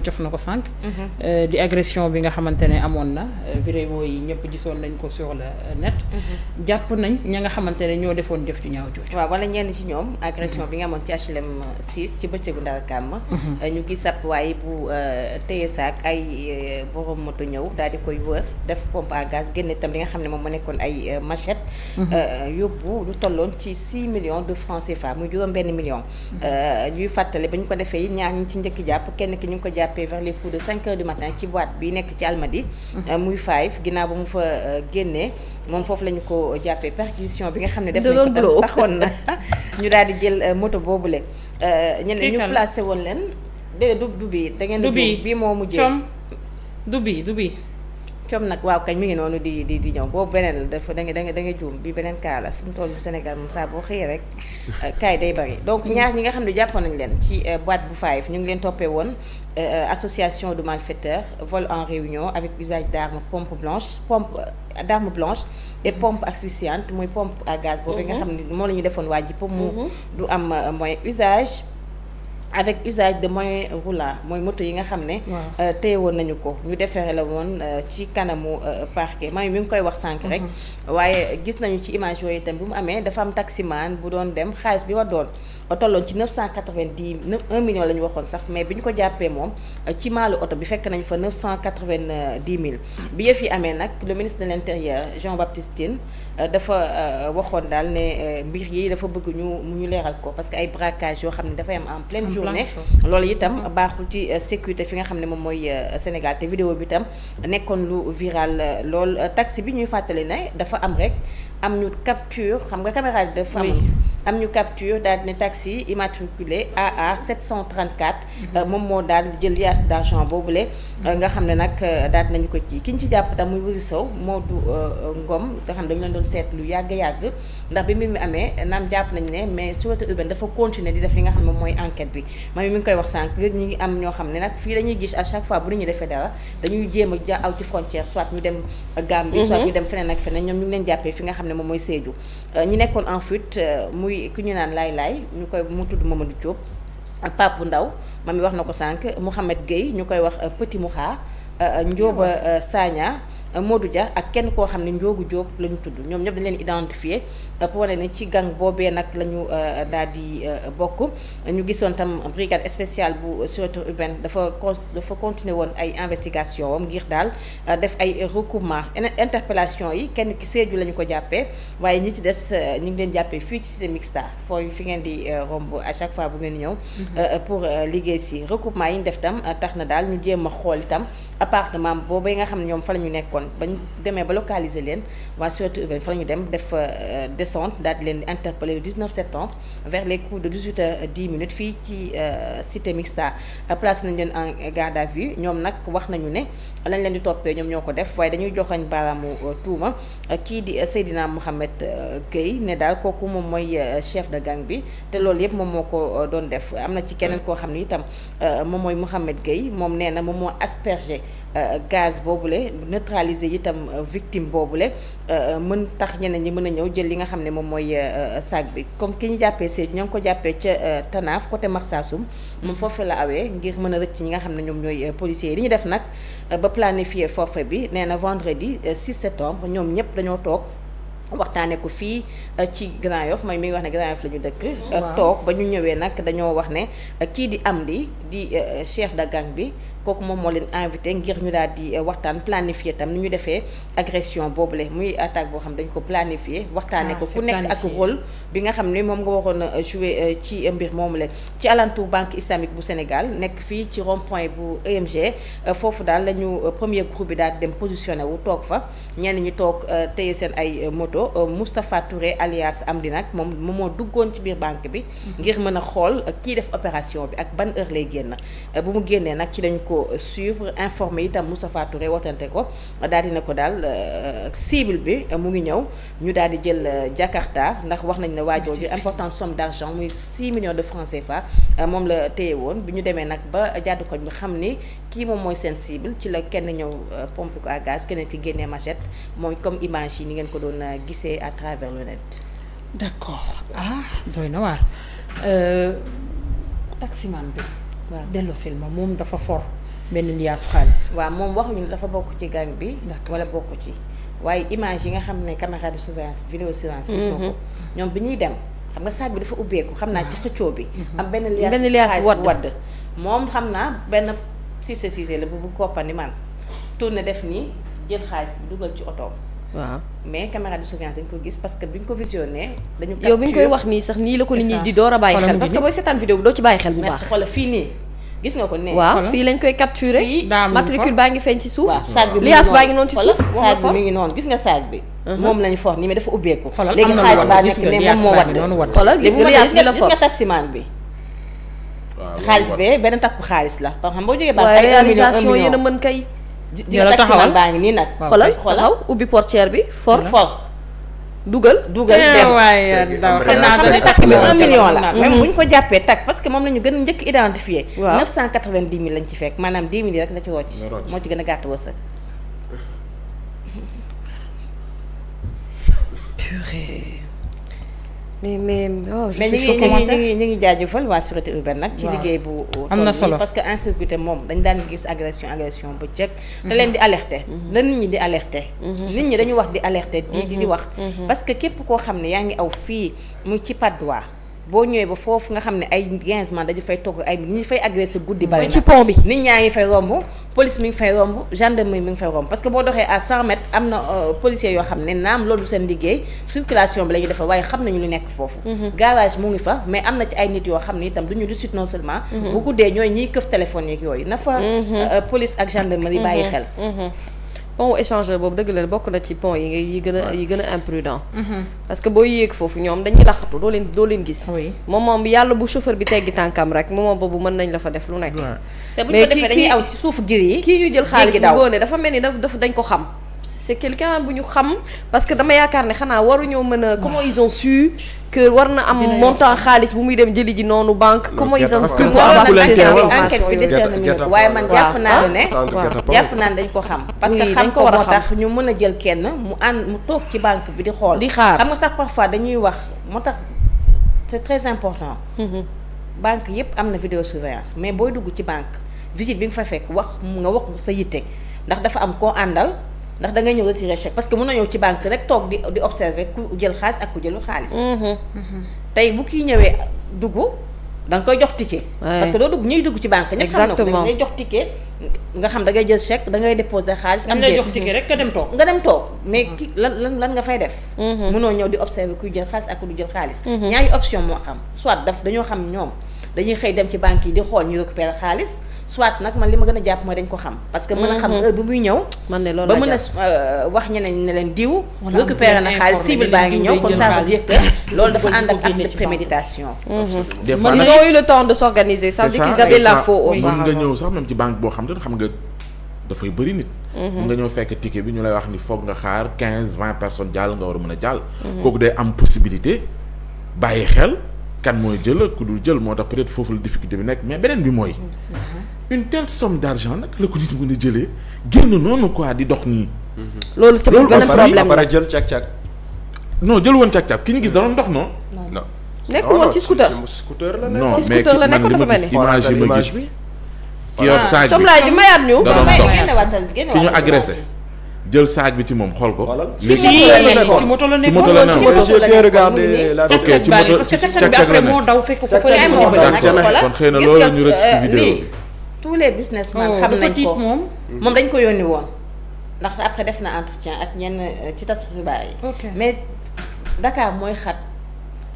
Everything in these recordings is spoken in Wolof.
cof na ko sànq. Mhm. Euh, di agression bi nga xamante ne amoon na euh, vidéo yi ñëpp gisoon nañ ko sur le euh, net. Mhm. jàpp nañ ña nga xamante ne ñoo defoon jëf ci ñaaw jooju. waaw wala ñenn ci ñoom agression bi nga amoon ci HLM 6 ci bëccëgu ndar kàmm. Mhm. ñu gis ab waay bu téye saak ay borom moto ñëw daal di koy wër def pompe a gaz génne itam li nga xam ne moom mu nekkoon ay machette. yóbbu lu tolloon ci 6 millions de francs CFA muy juróom benn million. ñuy fàttali jàppee vers de 5 heures du matin ci boîte bi nekk ci Almadi euh, muy five ginnaaw ba mu fa euh, génnee moom foofu lañu ñu ko jàppee perquisition bi nga xam ne def nañ ko taxoon na ñu daal di jël euh, moto boobu le ñu placé woon leen déedéet du du bii da du bii bi moo mujjee du bii du bii com nag waaw kañ mi ngi noonu di di di ñëw boobu beneen la dafa da nga da nga da bi beneen kaa la fi mu toll Sénégal moom saa boo xëyee rek kaay euh, day bari donc ñaar ñi nga xam ne jàppoon nañu leen ci euh, boîte bu five ñu ngi leen toppee woon euh, association de malfaiteurs vol en réunion avec usage d'armes pompe blanche pompe d'armes blanches et mm-hmm. pompe asphyxiante mooy pompe à gaz boobu nga mm-hmm. xam ne moom la ñu defoon waa ji pour mu mm-hmm. du am mooy usage avec usage de moyen roulant mooy moto yi nga xam ne. Euh, téye woon nañu ko ñu defere la woon euh, ci kanamu euh, parquet maa mi ngi koy wax sànq rek. Mm-hmm. waaye gis nañu ci image yooyu itam bi mu amee dafa am taximaan bu doon dem xaalis bi wa doon. tolloon ci 990 1 million la ñu waxoon sax mais bi ñu ko jàppee moom ci maalu oto bi fekk nañ fa 990 mille bi yëf yi amee nag le ministre de l'intérieur Jean Baptiste Tine euh, dafa euh, waxoon daal ne euh, mbir yi dafa bëgg ñu mu ñu leeral ko parce que ay braquage yoo xam ne dafay am en pleine journée loolu itam baaxul ci sécurité fi nga xam ne moom mooy Sénégal te vidéo bi itam nekkoon lu viral lool taxi bi ñuy fàttali ne dafa am rek am ñu capture xam nga caméra de femme am ñu capture daal ne taxi immatriculé AA 734. Mhm. Euh, moom moo daal jël liasse boobu le euh, nga xam ne nag euh, daal nañu ko ci ki ñu ci jàpp tam muy wuri sow moo du ngom nga xam dañu leen doon seet lu yàgg yàgg ndax bi mbir mi amee naam jàpp nañu ne mais sûreté urbaine dafa continuer di def li nga xam ne moom mooy enquête bi man mi mi ngi koy wax sànq ñi ngi am ñoo xam ne nag fii dañuy gis à chaque fois bu ñu a aw ñu dem Gambie mhm. soit nga xam ne moom mooy Sédhiou euh, ñi nekkoon en fuite euh, muy ku ñu naan laay laay ñu koy mu tudd Mamadou Diop ak Pape Ndaw mami wax na ko sànq Mouhamed Gueye ñu koy wax euh, Petit Mouha Ndioba Sagna Modou Dia ak kenn koo xam ne Ndiogu Diop la ñu tudd ñoom ñëpp dañ leen identifié euh, pour wane ne ci gang boobee nag la ñu euh, daal di euh, bokk ñu gisoon tam brigade spéciale bu sûreté urbaine dafa dafa continuer woon ay investigation wam ngir daal def ay recoupement interpellation yi kenn ki Sédhiou la ñu ko jàppee waaye ñi ci des ñu ngi leen jàppee fii ci cité mixta fooy fi ngeen di romb à chaque fois bu ngeen ñëw mm-hmm. pour liggéey si recoupement yi ñu def tam tax na daal ñu jéem a xool itam appartement boobu yi nga xam ne ñoom fa la ñu nekkoon bañ ñu demee ba localiser leen waa sûreté urbaine fa la ñu dem def euh, descente daal di leen di interpeller le 19 septembre vers les coups de 18 heures 10 minutes fii ci euh, cité mixta euh, place nañu leen en garde à vue ñoom nag wax nañu ne lañ leen di toppee ñoom ñoo ko def waaye dañuy joxañ baaraamu tuuma kii di Seydina Mohamed Gueye ne daal kooku moom mooy chef de gang bi te loolu yëpp moom moo ko doon def am na ci keneen koo xam ne itam moom mooy Mohamed Gueye moom nee na moom moo aspergé Euh, gaz boobu boobule neutraliser itam euh, victime boobule euh, mën tax ñeneen ñi mën a ñëw jël li nga xam ne moom mooy sac bi comme ki ñu jàppee Sédhiou ñoo ngi ko jàppee ca Tanaaf côté Marsassoum mm-hmm. moom foofu la awee ngir mën a rëcc ñi nga xam ne ñoom ñooy policiers yi li ñu def nag ba planifier forfait bi nee na vendredi 6 septembre ñoom ñëpp dañoo toog waxtaanee ko fii ci Grand Yoff may mi ngi wax ne Grand Yoff la ñu dëkk. Mm-hmm. toog ba ñu ñëwee nag dañoo wax ne kii di am di di chef de gang bi. kooku moom moo leen invité ngir ñu daal di eh, waxtaan planifier tam ni ñu defee agression boobule muy attaque boo xam dañu ko planifier ah, waxtaane ko ku nekk ak rôle bi nga xam ne moom nga waroon a eh, jouer eh, ci mbir moomu leen ci alentour banque islamique bu Sénégal nekk fii ci rond point bu EMG foofu daal la ñu premier groupe bi daal dem positionné wu toog fa ñeen ñi toog téye seen ay moto Moustapha Touré alias Amdi nag moom moom moo duggoon ci biir banque bi mm-hmm. ngir mën a xool kii def opération bi ak ban heure lay génn bu mu génnee nag ci ko suivre informé itam Moustapha Touré wootante ko daal dina ko daal euh, cible bi euh, mu ngi ñëw ñu daal di jël euh, Jakarta ndax wax nañ ne waa jooju importante somme d'argent muy 6 millions de francs CFA moom la téye woon bi ñu demee nag ba jàddu koñ bi xam ni kii moom mooy seen cible ci la kenn ñëw pompe ko à gaz keneen ci génnee machette mooy comme image yi ni ngeen ko doon gisee à travers le net. d'accord ah doy na waar taximan bi. waaw delloosil ma moom dafa mel ni liyaasu xaalis. waaw moom waxuñu ne dafa bokk ci gang bi. wala bokk ci waaye image yi nga xam ne caméra de surveillance vidéo surveillance. gis ko mm-hmm. ñoom bi ñuy dem. xam nga saag bi dafa ubbeeku xam naa ci xëccoo bi. Mm-hmm. am benn liyaas benn liyaas bu wadd moom xam naa benn siise siise la bu bu koppandi man tourné def nii jël xaalis bi dugal ci otoom. mais caméra de surveillance dañ ko gis parce que biñ ko visionné. dañu bi ñu koy wax nii sax nii la ko nit ñi di door a bàyyi xel parce que fii nii. gis nga ko ne waaw fii lañ koy capturer matricule baa ngi feeñ ci suuf saag bi liaas baa ngi noonu ci suuf saag bi gis nga saag bi uh-huh. moom lañ for nii mais dafa ubbeeku léegi xaalis baa nekk nga liaas bi xaalis bee benn takku xaalis la par xam boo jógee ba ay réalisation yéen a mën kay di nga taximaan baa ngi nii nag xoolal xoolal ubbi portière bi for for dugal dugal eh, dem waay daw xam ne tax bi un million la même mm-hmm. bu ñu ko jàppee tak parce que moom la ñu gën njëkk identifié waaw neuf cent quatre-vingt-dix mille lañ ci fekk maanaam dix mille rek la ci rocc moo ci gën a gàtt wërsëg mais mais oh je suis ñu ngi ñu ngi jaajëfal waa sûreté urbaine nag. ci liggéey bu. am na solo parce que insécurité moom dañ daan gis agression agression bu njëkk. da leen di alerter. Mm-hmm. da nit ñi di alerter. Mm-hmm. nit ñi dañu wax di alerter di di di mm-hmm. wax. parce que képp koo xam ne yaa ngi aw fii mu ci Patte d'Oie boo ñëwee ba foofu nga xam ne ay 15 man dañu fay togg ay ñi fay agressé guddi bari nit ñaa ngi fay romb police mi ngi fay romb gendarmerie mi ngi fay romb parce que boo doxee à 100 mètres am na euh, policiers yoo xam ne naam loolu seen liggéey circulation bi la ñuy defee waaye xam nañu lu nekk foofu mhm. garage mu ngi fa mais am na ci ay nit yoo xam ne itam du ñu du sut non seulement mhm. bu guddee ñooy ñiy këf téléphone yeeg yooyu na fa mhm. euh, police ak gendarmerie bàyyi pont échangeur boobu dëgg la bokk na ci pont yi yi gën a yi gën a imprudent mhm. parce que boo yéeg foofu ñoom dañuy laqatu doo leen doo leen gis moom moom yàlla bu chauffeur bi teggi tànkam rek moom boobu mën nañ la fa def lu nekk mais kii kii aw ci suufu gir yi kii ñu jël xaalis bu góone dafa mel ni daf dañ ko xam c'est quelqu'un bu ñu xam parce que dama yaakaar ne xanaa waruñoo mën a comment ils su que war na am montant xaalis bu muy dem jëli ji noonu banque comment ils ont su enquête bi waaye man jàpp naa ne jàpp naa ne ko xam parce que xam ko moo tax ñu mën a jël kenn mu ànd mu toog ci banque bi di xool di xaar xam nga sax parfois dañuy wax moo tax c'est très important mm-hmm. banque yépp am na vidéo surveillance mais booy dugg ci banque visite bi nga fa fekk wax nga wax nga sa yitte ndax dafa am koo àndal ndax dangay ñëw retiré chèque parce que mun na ñëw ci banque rek toog di observer ku jël xaalis ak ku jëlu xaalis. Mhm. Mhm. tey bu kii ñëwee dugg da nga koy jox ticket. parce que doo dugg ñuy dugg ci banque. exactement ñëpp xam na ko da ngay jox ticket. nga xam da jël chèque dangay ngay déposer xaalis. am ngay jox ticket rek nga dem toog. nga dem toog mais mhm. ki lan lan lan nga fay def. munoo ñëw di observer kuy jël xaalis ak ku du jël xaalis. ñaari option moo xam soit daf dañoo xam ñoom dañuy xëy dem ci banque yi di xool ñu xaalis soit nag man li ma gën a jàpp mooy dañ ko xam parce que mën a xam mhm. heure bi muy ñëw man de loolu ba mën a euh, wax na xaalis baa ngi ñëw comme loolu dafa ànd ak acte de préméditation mhm. ils ont eu le temps de s'organiser ça veut dire qu'ils avaient nga ñëw sax même ci banque boo xam te xam nga dafay bëri nit mun mhm. nga ñëw fekk ticket bi ñu lay wax ni foog nga xaar quinze vingt personnes jàll nga war a mën a jàll kooku day am possibilité bàyyi xel kan mooy jël ku dul jël moo tax peut-être foofu la difficulté bi nekk mais beneen bi mooy une telle somme d' nag la ko nit mën a jëlee génn noonu quoi di dox nii. Mhm. loolu tamit benn problème la jël càq woon càq càq ki ñu gis danoon dox no non nekk woon ci scooter. scooter la nekk ci scooter la nekk dafa ki yor saag bi soxlaa ji mayaat da doon dox ki ñu agressé. jël saag bi ci moom xool ko. ci moto la nekkoon ci moto la kon xëy na loolu ñu rëcc ci euh, vidéo tous les businessmen oh, xam nañ ko moom moom dañ ko yónni woon ndax après def na entretien ak ñenn euh, ci tasu xibaar yi mais Dakar mooy xat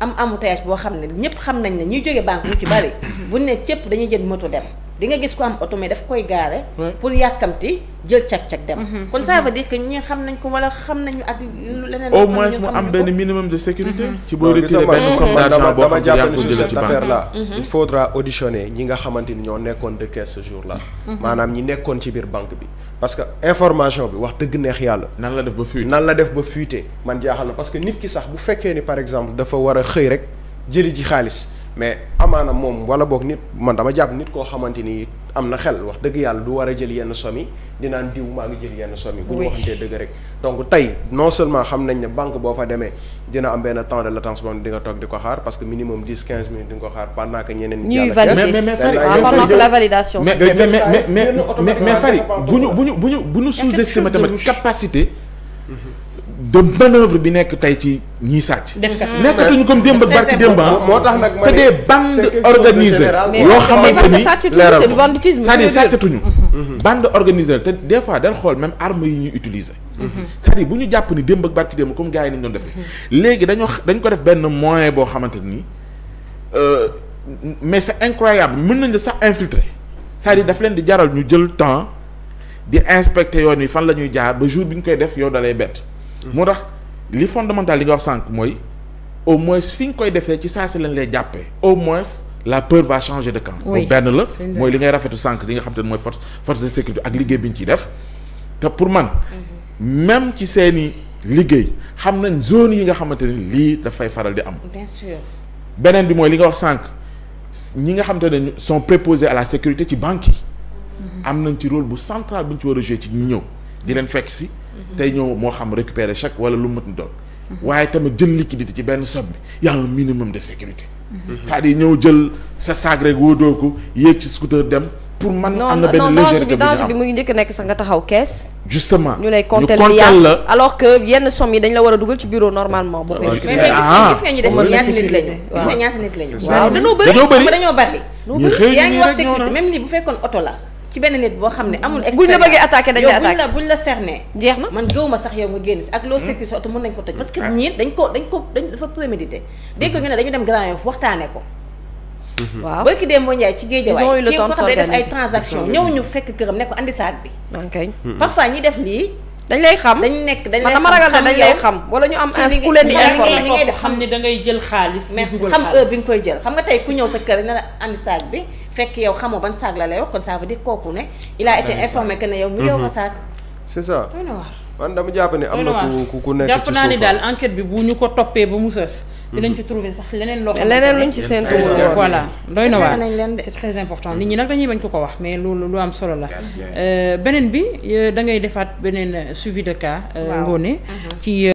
am embouteillage boo xam ne ñëpp xam nañ ne ñuy jóge banque ñu ci bari buñ ne cëpp dañuy jël moto dem di nga gis ko am oto mais daf koy gaare pour yàkkamti jël cag-cag dem mhm. kon ça mhm. veut dire que ñu xam nañ ko wala xam nañu ak lu leneen au moins mu am benn minimum de sécurité mhm. ci boo retiré benn somme d'argent boo xam ne yaa ko jëlee ci banque cette auditionner ñi nga xamante ni ñoo nekkoon de caisse ce jour là maanaam ñi nekkoon ci biir banque bi parce que information bi wax dëgg neex yàlla. nan la def ba fuité nan la def ba fuité man jaaxal na parce que nit ki sax bu fekkee ni par exemple dafa war a xëy rek jëli ji xaalis mais amaana moom wala boog nit man dama jàpp nit koo xamante ni am na xel wax dëgg yàlla du war a jël yenn somi dinaan diw maa ngi jël yenn somi bu ñu waxantee dëgg rek donc tey non seulement xam nañ ne banque boo fa demee dina am benn temps de latence boo di nga toog di ko xaar parce que minimum dix quinze minutes di ko xaar pendant ñeneen ñuy valider mais mais pendant que la validation mais mais mais mais Fary bu ñu bu ñu bu ñu bu ñu sous-estimer tamit capacité de manœuvre bi nekk tey ci ñiy sàcc. nekkatuñu comme démb ak barki démb ah. moo tax nag c'est des bandes organisées. yoo xamante ni leeral c'est-à-dire sàccatuñu. Mm-hmm. Mm-hmm. bande organiser te des fois dañ xool même arme yi ñuy utiliser. Mm-hmm. cest bu ñu jàpp ni démb ak barki démb comme gars yi nañ doon defee. léegi dañoo dañ ko def benn moyen boo xamante ni euh, mais c'est incroyable mën nañ la sax infiltrer cest à daf leen di jaral ñu jël temps di inspecter yoon yi fan la ñuy jaar ba jour bi ñu koy def yow dalay bett. moo tax li fondamental li nga wax sànq mooy au moins fi nga koy defee ci saa si lañ lay jàppee au moins la peur va changer de camp. oui benn la mooy li ngay rafetu sànq li nga xam te ne mooy force force de sécurité ak liggéey bi ñu ciy def te pour man. Mm-hmm. même ci seeni liggéey xam nañ zone yi nga xamante ne lii dafay faral di am. bien beneen bi mooy li nga wax sànq ñi nga xam xamante ne son préposés à la sécurité ci banque yi. Mm-hmm. am nañ ci role bu central bu ñu ci war a jouer ci ñi ñëw di leen fekk si. tey ñoo moo xam récupérer chaque wala lu mu mën doon waaye tamit jël liquidité ci benn somme bi y a un minimum de sécurité mhm. c'est-à-dire ñëw jël sa saag rek ko yéeg ci scooter dem pour man am na benn légèreté bi danger bi mu ngi njëkk nekk sax nga taxaw caisse justement ñu lay compter la alors que yenn somme yi dañ la war a dugal ci bureau normalement boo koy ah, gis nga ñu def ñaata nit lañu gis nga ñaata nit lañu waaw dañoo dañoo bëri ñu xëy yaa ci benn nit boo xam ne amul. expérience buñ la bëggee attaqué dañ lay la buñ jeex na man gëw ma sax yow nga génn si ak loo hmm. sécurité sa oto mën nañ ko toj. parce que ah. ñii dañ ko dañ ko dañ dafa prémédité. dégg ñu ne dañu dem Grand Yoff waxtaanee ko. Hmm. waaw bërki dem boo Ndiaye ci géejawaay kii ko xam ne def ay transaction ñëw ñu fekk këram ne ko andi saag bi. Hmm. parfois ñi def lii dañ lay xam dañ nekk dañ lay xam dama ragal ne dañ lay xam wala ñu am ku leen di informé ngay xam ne da ngay jël xaalis merci xam heure bi nga koy jël xam nga tey ku ñëw sa kër ne la andi saag bi fekk ban saag la lay wax kon ça veut kooku ne il a été informé que ne yow mi yow mhm. nga saag c'est ça man dama jàpp ne am na ku ku nekk ci suuf jàpp naa ni daal enquête bi bu ñu ko toppee ba mu sës dinañ ci trouver sax leneen loo xam leneen luñ ci seen voilà doy na waar c'est très important nit ñi nag dañuy bañ ko ko wax mais loolu lu am solo la euh, beneen bi euh, da ngay defaat beneen suivi de cas euh, Ngoné mhm. ci